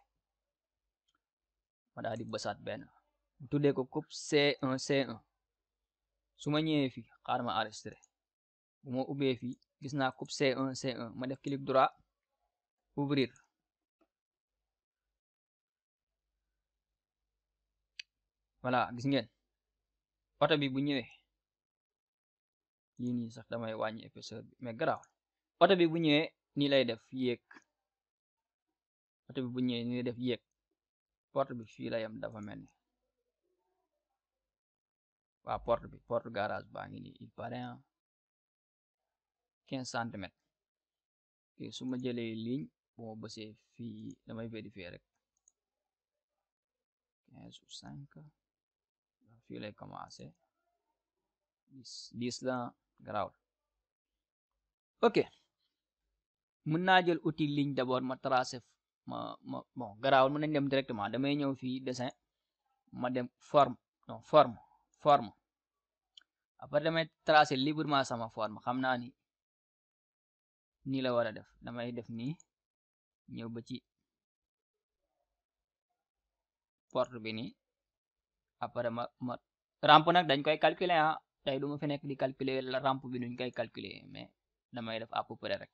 ma daal di bësaat benn mu tuddee ko coupe C1 C1 su ma ñëwee fii xaar ma enregistré bu ma ubbee fii gis naa coupe C1 C1 ma def clic droit cubrir voilà gis ngeen bi bu ñëwee yii nii sax damay wàññi épaisseur bi mais garaaw oto bi bu ñëwee nii lay def yéeg oto bi bu ñëwee nii lay def yéeg porte bi fii la yam dafa mel ni waa bi porte garage baa ngi nii il paraît quinze centimètres su ma jëlee ligne bu ma bësee fii damay vérifier rek quinze ou cinq fii lay commencé dix dix la garaawul ok mën naa jël outil ligne d'abord ma tracé ma ma bon garaawul mën nañ dem directement damay ñëw fii dessin ma dem forme non forme forme après damay tracé librement sama forme xam naa ni nii la war def damay def nii ñëw ba ci porte bi ni après ma ma ramp nag dañ koy calculer ah tey du ma fi nekk di calculer la ramp bi nuñ koy calculer mais damay def à peu près rek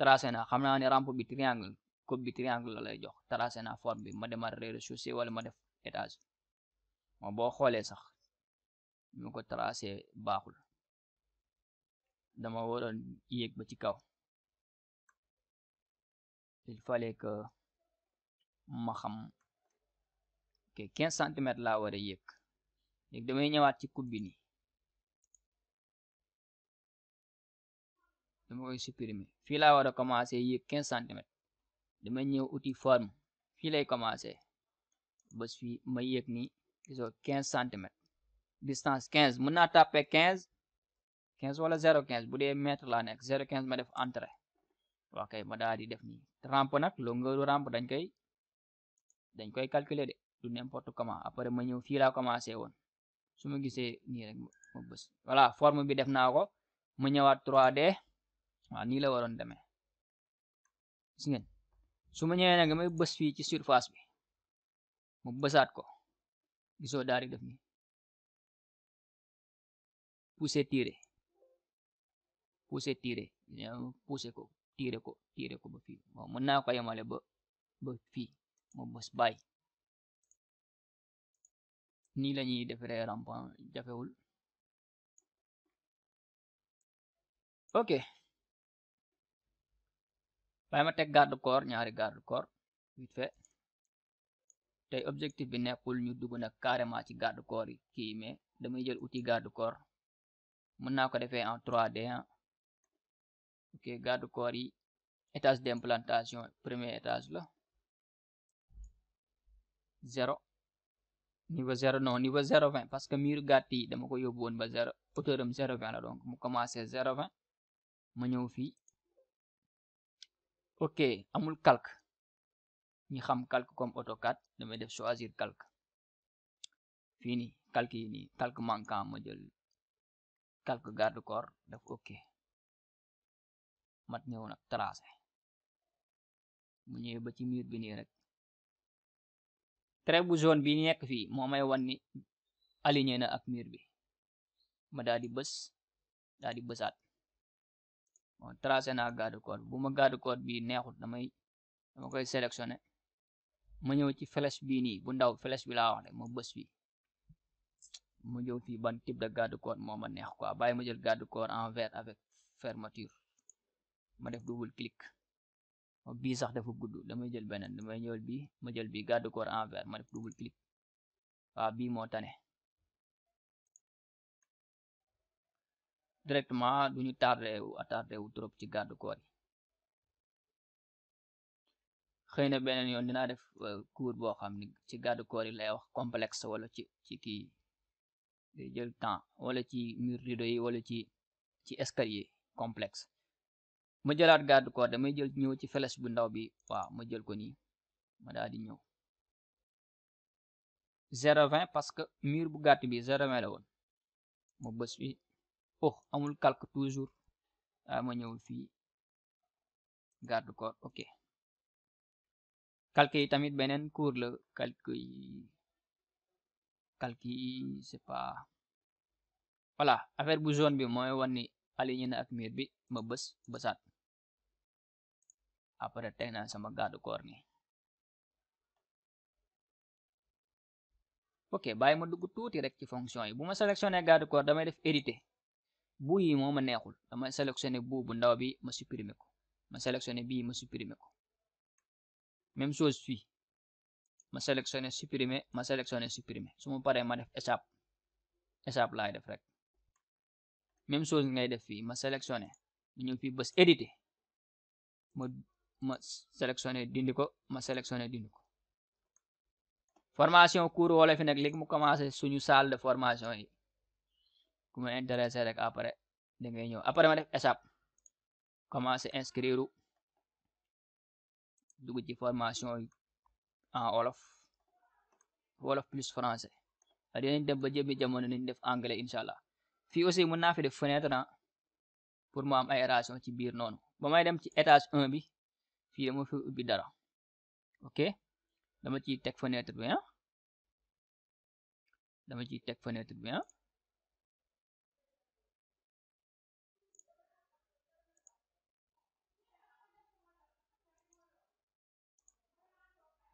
tracé naa xam naa ne ramp bi triangle coupe bi triangle la lay jox tracé naa forme bi ma demaat rez de wala ma def étage moo boo xoolee sax ñu ko tracé baaxul dama waroon yéeg ba ci kaw il fallait que ma xam quinze centimètres laa war a yéeg léegi damay ñëwaat ci coupe bi ni dama koy supprimer fii laa war a commencé yéeg quinze centimètres dama ñëw outil forme fii lay commencé bés fii ma yéeg ni gisoo quinze centimètres distance quinze mën naa tàppe quinze quinze wala zéro quinze bu dee mètre laa nekk zéro quinze ma def entrée ok ma daal di def nii rampe nag longueur rampe dañ koy dañ koy calculer de du n'importe comment après ma ñëw fii laa commencé woon su ma gisee nii ma bës voilà forme bi def naa ko mu ñëwaat 3D waaw nii la waroon demee gis ngeen su ma ñëwee nag may bës fii ci surface bi mu bësaat ko gisoo daal di def nii pousser tirer pousser tirer pousser ko tiire ko tiire ko ba fii bon mën naa ko yemale ba ba fii ma bës bàyyi nii lañuy ñuy defaree jafewul ok bàyyi ma teg garde corps ñaari garde corps vite fait tey objectif bi nekkul ñu dugg nag carrément ci garde corps yi kii mais damay jël outil garde corps mën naa ko defee en 3D ok garde corps yi étage d'implantation premier étage la zéro niveau zéro non niveau zéro vingt parce que mur gàtt yi dama ko yóbbu woon ba zéro hauteur zéro vingt la donc mu commencé zéro vingt ma ñëw fii ok amul calque ñi xam calque comme AutoCAD damay def choisir calque fii nii yi nii calque manquant ma jël garde corps def ok mat ñëw nag tracé mu ñëwee ba ci mur bi nii rek trait bu jaune bi nekk fii moo may wan ni aligné na ak mur bi ma daal di bës daal di bësaat bon tracé naa garde corps bu ma garde bi neexut damay dama koy sélectionné ma ñëw ci flèche bii ni bu ndaw flèche bi laa wax de ma bës fii mu ñëw fii ban type de garde corps moo ma neex quoi bàyyi ma jël garde corps en avec fermeture ma def double clic bii sax dafa gudd damay jël beneen damay ñëwal bi ma jël bi garde corps envers ma def double clic waaw bii moo tane directement du ñu wu attardé wu trop ci garde corps yi xëy na beneen yoon dinaa def euh, cours boo xam ni ci garde corps yi lay wax complexe wala ci ci kii jël temps wala ci mur rideau yi wala ci ci escalier complexe ma jëlaat garde corps damay jël ñëw ci flèche bu ndaw bi waaw ma jël ko ni ma daal ñëw zero vingt parce que miir bu gàtt bi zero vingt la woon ma bës fi oh amul calque toujours waaye ah, ma ñëw fii garde corps ok calque tamit beneen cours la calque yi c'est pas voilà affaire bu jaune bi mooy wan ni aligné na ak mur bi ma bës bësaat aparte na sa magado corny okay ಬಾಯಿ ಮಡ್ಡುಗು ತೂತಿ ರೆಕ್ಟಿ function ಬುಮ selection ಗಾಡು ಕೋರ್ ದಮೈ ಡೆಫ್ ಎಡಿಟೆ ಬು ಈ ಮೋ ಮನೆ ಅಕುಲ್ ದಮೈ ಸೆಲೆಕ್ಷನ್ ಬು ಬುಂಡಾವ ಬಿ ಮಸಿ ಪಿರಿಮೆಕು ಮ ಸೆಲೆಕ್ಷನ್ ಬಿ ಮಸಿ ಪಿರಿಮೆಕು ಮೆಮ್ ಶೋಸ್ ಫಿ ಮ ಸೆಲೆಕ್ಷನ್ ಸಿ ಪಿರಿಮೆ ಮ ಸೆಲೆಕ್ಷನ್ ಸಿ ಪಿರಿಮೆ ಸುಮ ಪರೆ ಮ ಡೆಫ್ ಎಸಾಪ್ ಎಸಾಪ್ ಲೈ ಡೆಫ್ ರೆಕ್ ಮೆಮ್ ಶೋಸ್ ngೈ ಡೆಫ್ ಫಿ ಮ ಸೆಲೆಕ್ಷನ್ ಮಿನು ಫಿ ಬಸ್ ಎಡಿಟೆ ಮ ma sélectionné dindi ko ma sélectionné dindi ko formation cours wolof yi nag léegi mu commencé suñu salle de formation yi ku mu intéressé rek après da ngay ñëw après ma def étape commencé inscrire dugg ci formation yi en wolof wolof plus français a dinañ dem ba jëmmi jamono niñ def anglais incha allah fii aussi mën naa fi def fenêtre ah pour mu am aération ci biir noonu ba may dem ci étage 1 fii dama fi ubbi dara ok dama ciy teg fenêtre bi ah dama ciy teg fenêtre bi ah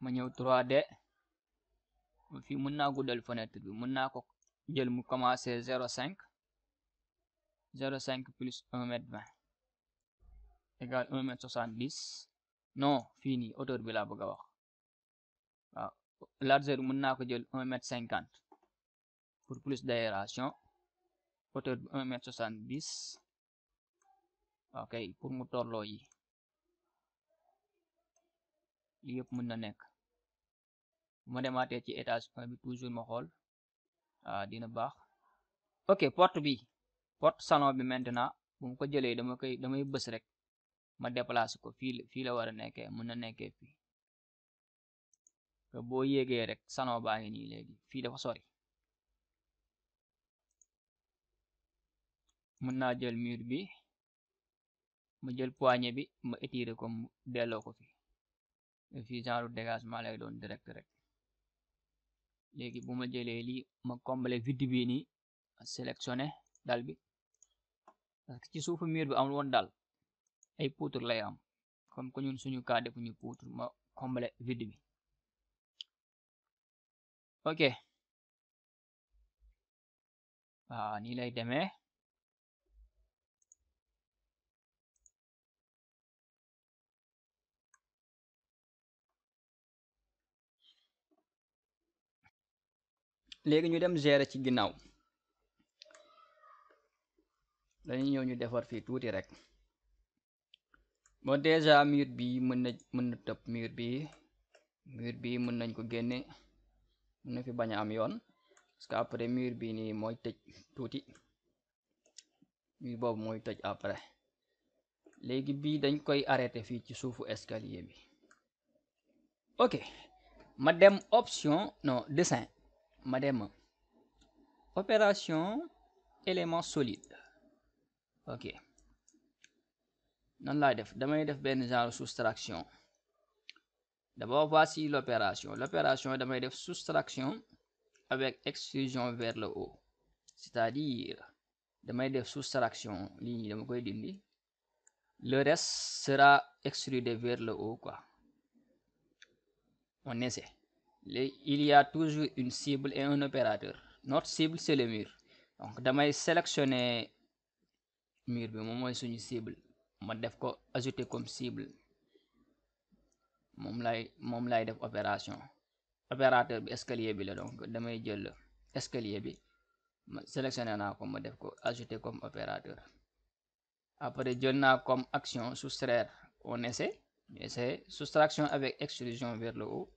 ma ñëw 3D fii mën naa guddal fenêtre bi mën naa ko jël mu commencé 05 cinq plus cinq plus 20 égal 1 non fii nii hauteur bi laa bëgg a wax waaw largeur bi mën naa ko jël un mètre cinquante pour plus d'aération hauteur bi soixante dix ok pour mu tolloo yi li yëpp mën na nekk bu ma demaatee ci étage bi toujours ma xool ah dina baax ok porte bi porte salon bi maintenant bu ma ko jëlee dama koy damay bës rek ma déplacer ko fii fii la war a nekkee mën na nekkee fii boo yéegee rek sano baa ngi nii léegi fii dafa sori mën naa jël miir bi ma jël poignée bi ma étirer ko delloo ko fi fii genre dégagement lay doon direct rek léegi bu ma jëlee lii ma combler vide bi nii sélectionner dal bi parce que ci suufu mur bi am woon dal ay poutre lay am comme que ñun suñu cas defuñu poutre ma comble vide ok waaw nii lay deme léegi ñu dem gérer ci ginnaaw dañuy ñëw ñu defar fii tuuti rek moo déjà mur bi mën na mën na tëb mur bi mur bi mën nañ ko génne mën na fi bañ a am yoon parce que après mur bi nii mooy tëj tuuti mur boobu mooy tëj après léegi bii dañ koy arrêté fii ci suufu escalier bi ok ma dem option non dessin ma dem opération élément solide ok noonu laay def damay def benn genre soustraction d'abord voici l'opération l'opération damay def soustraction avec extrusion vers le haut cest damay def soustraction lii ñi dama koy dindi le reste sera extrudé vers le haut quoi on essaie il y toujours une cible et un opérateur not cible c'est le mur donc damay sélectionner mur bi moom mooy suñu cible ma def ko ajouter comme cible moom lay moom lay def opération opérateur bi escalier bi la donc damay jël escalier bi ma sélectionné naa ko ma def ko ajouter comme opérateur après jël naa comme action soustraire on essaie ñu essaie soustraction avec extrusion vers le haut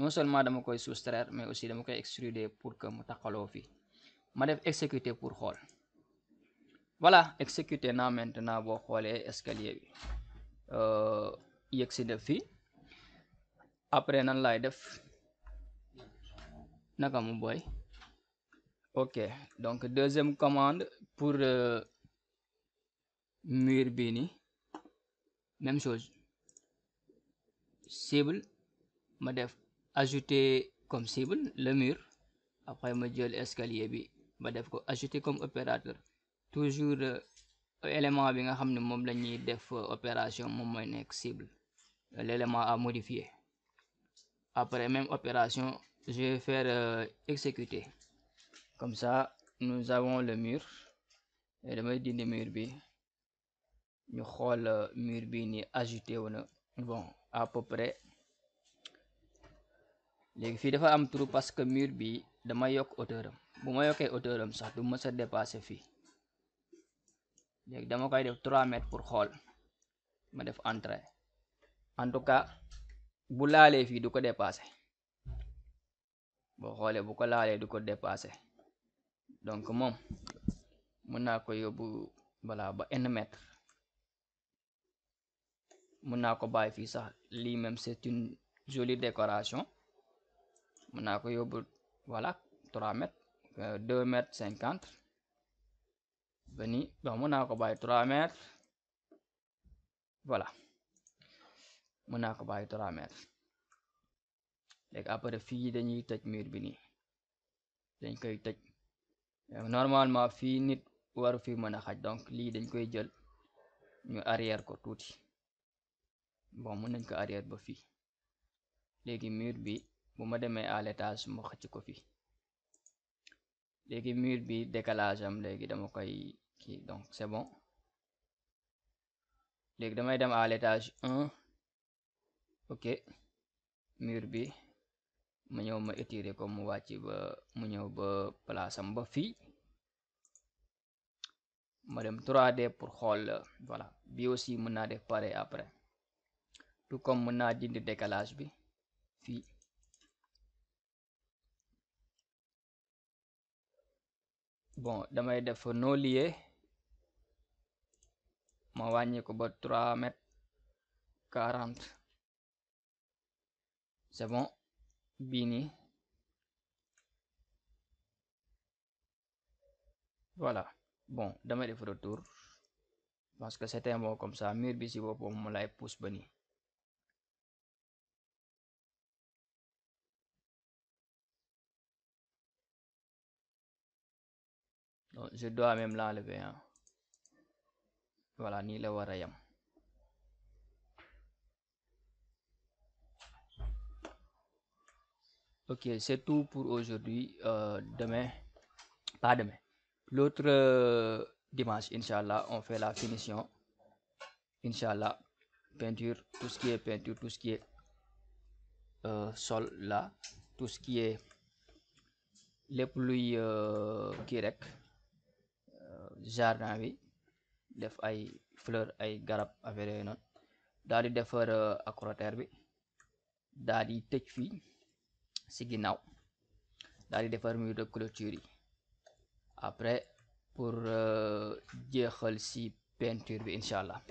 non seulement dama koy soustraire mais aussi dama koy extruder pour que mu taqaloo fi ma def exécuter pour xool voilà exécuté na maintenant boo xoolee escalier bi euh, yëg si def fii après nan laay def naka mu boy ok donc deuxième commande pour euh, mur bii ni même chose cible ma def ajouter comme cible le mur après ma jël escalier bi ma def ko ajouter comme opérateur toujours euh, élément bi nga xam ne moom la def euh, opération moom mooy nekk cible l'élément à modifier après même opération je vais euh, exécuter comme ça nous avons le mur dama dindi mur bi ñu xool mur bi ni ajouté wu na bon à peu près léegi fii dafa am trou parce que mur bi dama yokk hauteur bu ma yokkee hauteur sax du mës a dépasser fii léegi dama koy def 3 mètres pour xool ma def entrée en tout cas bu laalee fii du ko dépassé boo xoolee bu ko laalee du ko dépassé donc moom mën naa ko yóbbu bala ba un mètre mën naa ko bàyyi fii sax lii même c'est une jolie décoration mën naa ko yóbbu voilà 3 mètres euh, mètres cinquante bani bon mën naa ko bàyyi trois mètres voilà mën naa ko bàyyi trois mètres léegi après fii dañuy taj mur bi nii dañ koy tëj normalement fii nit war fi mën a xaj donc lii dañ koy jël ñu arrière ko tuuti bon mën nañ ko arrière ba fii léegi mur bi bu ma demee à l'étage mu xëcc ko fii léegi mur bi décalage am léegi dama koy ok donc c'est bon léegi damay dem à l'étage ok mur bi ma ñëw ma étirer ko mu wàcc ba mu ñëw ba place ba fii ma dem 3 pour xool voilà bi aussi mën naa def pare après tout comme mën naa dindi décalage bi fii bon damay def no lié ma wàññi ko ba trois mètres quarante c'est bon bii nii voilà bon dama def retour parce que c'était bon comme ça mur bi si boppam mu lay pousse ba nii je dois même l'enlever voilà nii la war a yam ok c'est tout pour aujourd'hui euh, demain pas demain l'autre euh, dimanche inchallah on fait la finition inchallah peinture tout ce qui est peinture tout ce qui est euh, sol là tout ce qui est lépp luy euh, kii rek euh, jardin bi def ay fleur ay garab affaire yooyu noonu daal di defar euh, acrotère bi daal di tëj fii si ginnaaw daal di defar mur de clôture yi après pour euh, jeexal si peinture bi incha allah.